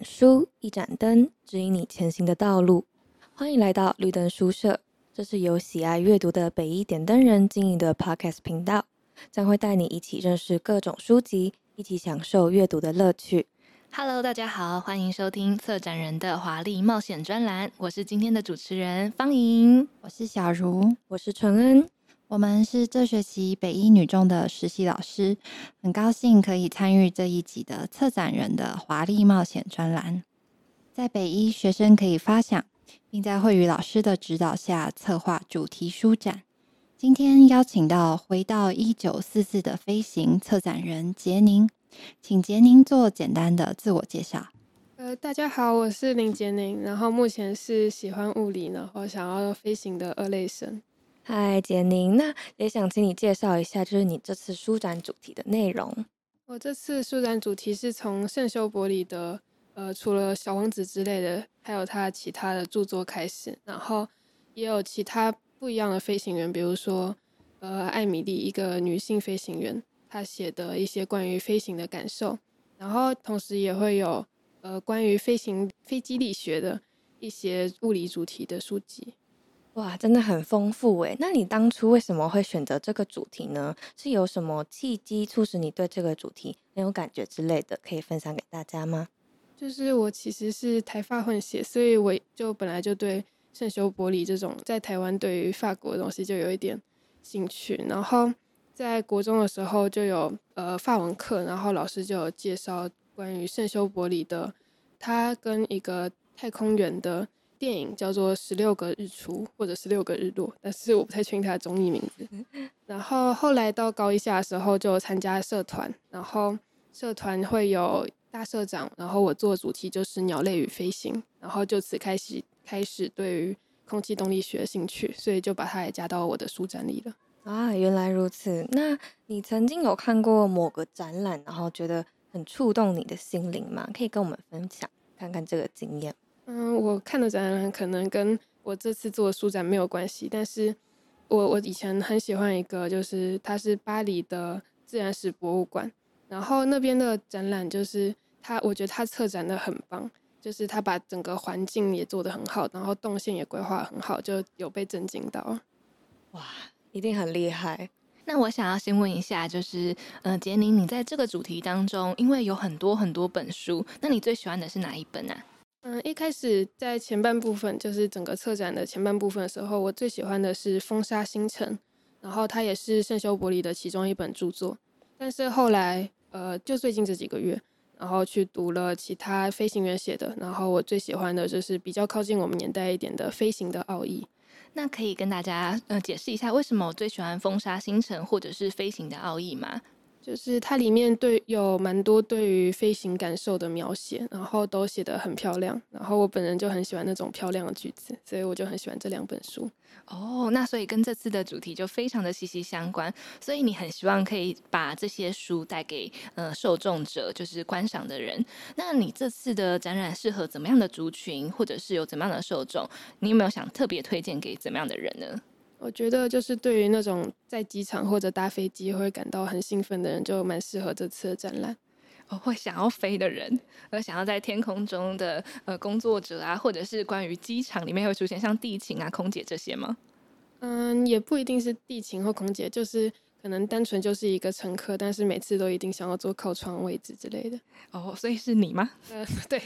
一書一盞燈，指引你前行的道路。歡迎來到綠燈書社，這是由喜愛閱讀的北一點燈人經營的 Podcast 頻道，將會帶你一起認識各種書籍，一起享受閱讀的樂趣。Hello，大家好，歡迎收聽策展人的華麗冒險專欄，我是今天的主持人芳瀅，我是曉茹，我是淳恩。我們是這學期北一女中的實習老師，很高興可以參與這一集的策展人的華麗冒險專欄。在北一學生可以發想，並在慧宇老師的指導下策劃主題書展。今天邀請到回到一九四四的飛行策展人倢寧，請倢寧做簡單的自我介紹。呃，大家好，我是林倢寧，然後目前是喜歡物理，然後想要飛行的二類生。嗨，倢寧，那也想請你介紹一下，就是你這次書展主題的內容。我這次書展主題是從聖修伯里的，呃，除了《小王子》之類的，還有他其他的著作開始，然後也有其他不一樣的飛行員，比如說，呃，艾米麗一個女性飛行員，她寫的一些關於飛行的感受，然後同時也會有，呃，關於飛行飛機力學的一些物理主題的書籍。哇，真的很豐富誒！那你當初為什麼會選擇這個主題呢？是有什麼契機促使你對這個主題很有感覺之類的，可以分享給大家嗎？就是我其實是台法混血，所以我就本來就對聖修伯里這種在台灣對於法國的東西就有一點興趣。然後在國中的時候就有呃法文課，然後老師就有介紹關於聖修伯里的，他跟一個太空員的電影叫做《十六個日出》或者《十六個日落》，但是我不太確定它的中譯名字。然後後來到高一下的時候就參加社團，然後社團會有大社長，然後我做的主題就是鳥類與飛行，然後就此開始開始對於空氣動力學興趣，所以就把它也加到我的書展裡了。啊，原來如此。那你曾經有看過某個展覽，然後覺得很觸動你的心靈嗎？可以跟我們分享看看這個經驗。嗯，我看的展覽可能跟我這次做的書展沒有關係，但是我我以前很喜歡一個，就是它是巴黎的自然史博物館，然後那邊的展覽就是它，我覺得它策展的很棒，就是它把整個環境也做得很好，然後動線也規劃得很好，就有被震驚到。哇，一定很厲害。那我想要先問一下，就是嗯、呃，倢寧，你在這個主題當中，因為有很多很多本書，那你最喜歡的是哪一本呢、啊？嗯，一開始在前半部分，就是整個策展的前半部分的時候，我最喜歡的是《風沙星辰》，然後它也是聖修伯里的其中一本著作。但是後來，呃，就最近這幾個月，然後去讀了其他飛行員寫的，然後我最喜歡的就是比較靠近我們年代一點的《飛行的奧義》。那可以跟大家呃解釋一下，為什麼我最喜歡《風沙星辰》或者是《飛行的奧義》嗎？就是它裡面對有蠻多對於飛行感受的描寫，然後都寫得很漂亮，然後我本人就很喜歡那種漂亮的句子，所以我就很喜歡這兩本書。哦，那所以跟這次的主題就非常的息息相關，所以你很希望可以把這些書帶給呃受眾者，就是觀賞的人。那你這次的展覽適合怎麼樣的族群，或者是有怎麼樣的受眾？你有沒有想特別推薦給怎麼樣的人呢？我覺得就是對於那種在機場或者搭飛機會感到很興奮的人，就蠻適合這次的展覽。我會想要飛的人，而想要在天空中的呃工作者啊，或者是關於機場裡面會出現像地勤啊、空姐這些嗎？嗯，也不一定是地勤或空姐，就是。可能單純就是一個乘客，但是每次都一定想要坐靠窗位置之類的。哦，所以是你嗎？呃，對。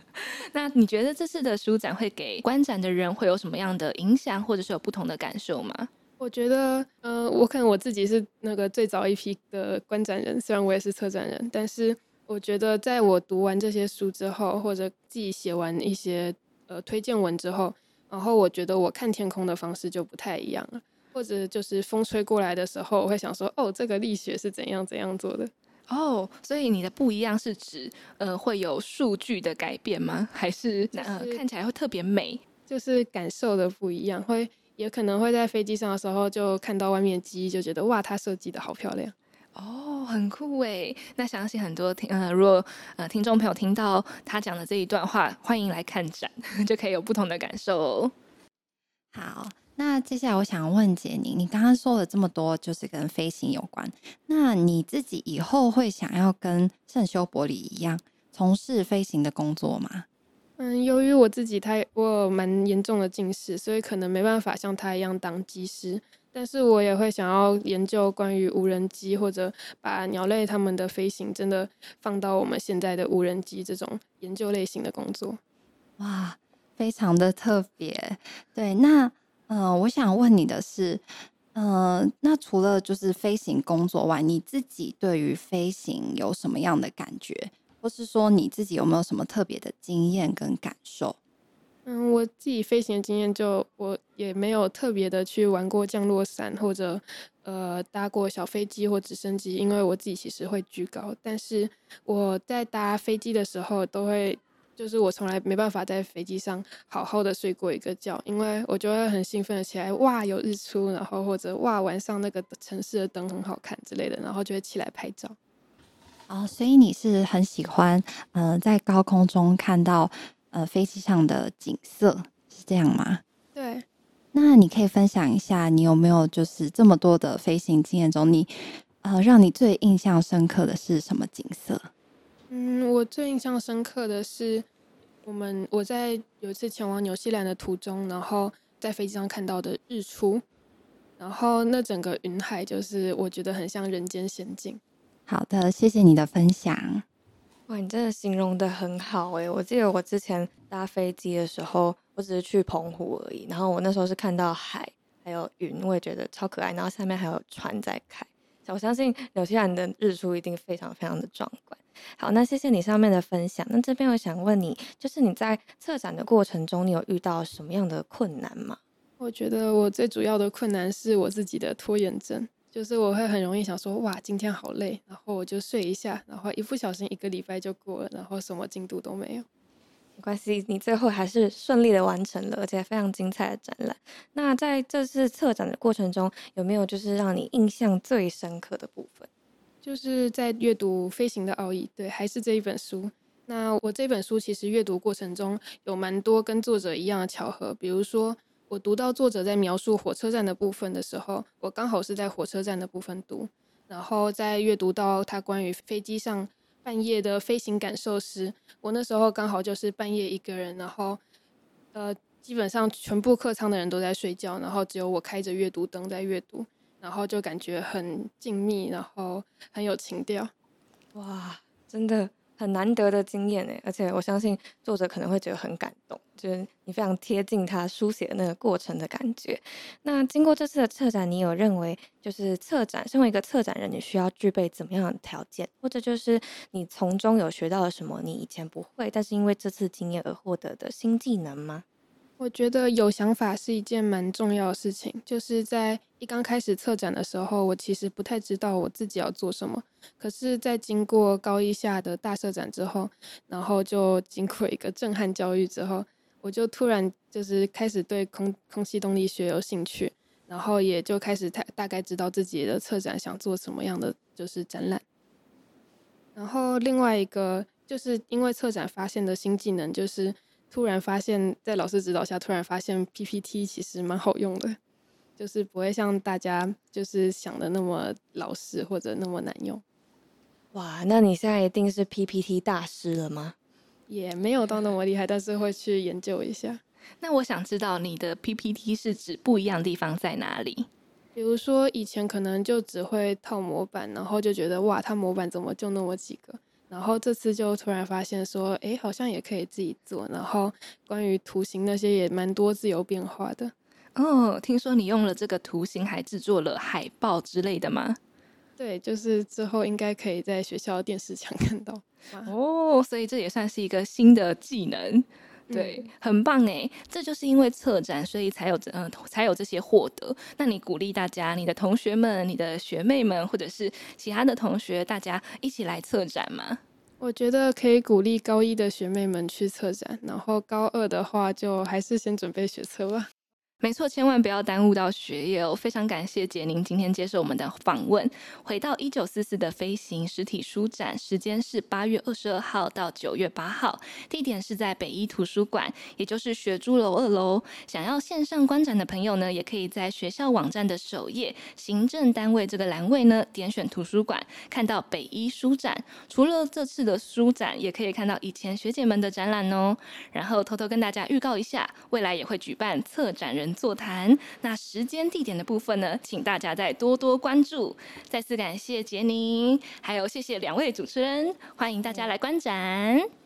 那你覺得這次的書展會給觀展的人會有什麼樣的影響，或者是有不同的感受嗎？我覺得，呃，我可能我自己是那個最早一批的觀展人，雖然我也是策展人，但是我覺得在我讀完這些書之後，或者自己寫完一些呃推薦文之後，然後我覺得我看天空的方式就不太一樣了。或者就是風吹過來的時候，我會想說：“哦，這個力學是怎樣怎樣做的？”哦，oh, 所以你的不一樣是指呃會有數據的改變嗎？還是、就是那呃、看起來會特別美？就是感受的不一樣，會也可能會在飛機上的時候就看到外面機翼，就覺得哇，它設計的好漂亮哦，oh, 很酷哎。那相信很多聽呃，如果呃聽眾朋友聽到他講的這一段話，歡迎來看展， 就可以有不同的感受、哦。好。那接下來我想問倢寧，你剛剛說了這麼多，就是跟飛行有關。那你自己以後會想要跟聖修伯里一樣從事飛行的工作嗎？嗯，由於我自己太我有蠻嚴重的近視，所以可能沒辦法像他一樣當機師。但是我也會想要研究關於無人機，或者把鳥類他們的飛行真的放到我們現在的無人機這種研究類型的工作。哇，非常的特別。對，那。嗯、呃，我想問你的是，嗯、呃，那除了就是飛行工作外，你自己對於飛行有什麼樣的感覺，或是說你自己有沒有什麼特別的經驗跟感受？嗯，我自己飛行經驗就我也沒有特別的去玩過降落傘或者呃搭過小飛機或直升機，因為我自己其實會懼高，但是我在搭飛機的時候都會。就是我從來沒辦法在飛機上好好的睡過一個覺，因為我就會很興奮的起來，哇，有日出，然後或者哇，晚上那個城市的燈很好看之類的，然後就會起來拍照。好，所以你是很喜歡，嗯、呃，在高空中看到，呃，飛機上的景色是這樣嗎？對。那你可以分享一下，你有沒有就是這麼多的飛行經驗中，你呃，讓你最印象深刻的是什麼景色？嗯，我最印象深刻的是，我們我在有一次前往紐西蘭的途中，然後在飛機上看到的日出，然後那整個雲海就是我覺得很像人間仙境。好的，謝謝你的分享。哇，你真的形容得很好欸，我記得我之前搭飛機的時候，我只是去澎湖而已，然後我那時候是看到海還有雲，我也覺得超可愛。然後下面還有船在開，我相信紐西蘭的日出一定非常非常的壯觀。好，那謝謝你上面的分享。那這邊我想問你，就是你在策展的過程中，你有遇到什麼樣的困難嗎？我覺得我最主要的困難是我自己的拖延症，就是我會很容易想說，哇，今天好累，然後我就睡一下，然後一不小心一個禮拜就過了，然後什麼進度都沒有。沒關係，你最後還是順利的完成了，而且非常精彩的展覽。那在這次策展的過程中，有沒有就是讓你印象最深刻的部分？就是在閱讀《飛行的奧義》，對，還是這一本書。那我這本書其實閱讀過程中有蠻多跟作者一樣的巧合，比如說我讀到作者在描述火車站的部分的時候，我剛好是在火車站的部分讀；然後在閱讀到他關於飛機上半夜的飛行感受時，我那時候剛好就是半夜一個人，然後呃，基本上全部客艙的人都在睡覺，然後只有我開着閱讀燈在閱讀。然後就感覺很靜謐，然後很有情調。哇，真的很難得的經驗誒。而且我相信作者可能會覺得很感動，就是你非常貼近他書寫的那個過程的感覺。那經過這次的策展，你有認為就是策展，身為一個策展人，你需要具備怎麼樣的條件？或者就是你從中有學到了什麼？你以前不會，但是因為這次經驗而獲得的新技能嗎？我覺得有想法是一件蠻重要的事情。就是在一剛開始策展的時候，我其實不太知道我自己要做什麼。可是，在經過高一下的大社展之後，然後就經過一個震撼教育之後，我就突然就是開始對空空氣動力學有興趣，然後也就開始大大概知道自己的策展想做什麼樣的就是展覽。然後另外一個就是因為策展發現的新技能就是。突然發現，在老師指導下，突然發現 PPT 其實蠻好用的，就是不會像大家就是想的那麼老實或者那麼難用。哇，那你現在一定是 PPT 大師了嗎？也沒有到那麼厲害，但是會去研究一下。那我想知道你的 PPT 是指不一樣的地方在哪裡？比如說以前可能就只會套模板，然後就覺得哇，它模板怎麼就那麼幾個？然後這次就突然發現說，哎，好像也可以自己做。然後關於圖形那些也蠻多自由變化的。哦，聽說你用了這個圖形，還製作了海報之類的嗎？對，就是之後應該可以在學校電視牆看到。哦，所以這也算是一個新的技能。對，很棒誒，這就是因為策展，所以才有這嗯、呃，才有這些獲得。那你鼓勵大家，你的同學們、你的學妹們，或者是其他的同學，大家一起來策展嗎？我覺得可以鼓勵高一的學妹們去策展，然後高二的話，就還是先準備學測吧。沒錯，千萬不要耽誤到學業哦！非常感謝倢寧今天接受我們的訪問。回到一九四四的飛行實體書展，時間是八月二十二號到九月八號，地點是在北一圖書館，也就是學珠樓二樓。想要線上觀展的朋友呢，也可以在學校網站的首頁行政單位這個欄位呢，點選圖書館，看到北一書展。除了這次的書展，也可以看到以前學姐們的展覽哦。然後偷偷跟大家預告一下，未來也會舉辦策展人座談，那時間地點的部分呢，請大家再多多關注。再次感謝倢寧，還有謝謝兩位主持人，歡迎大家來觀展。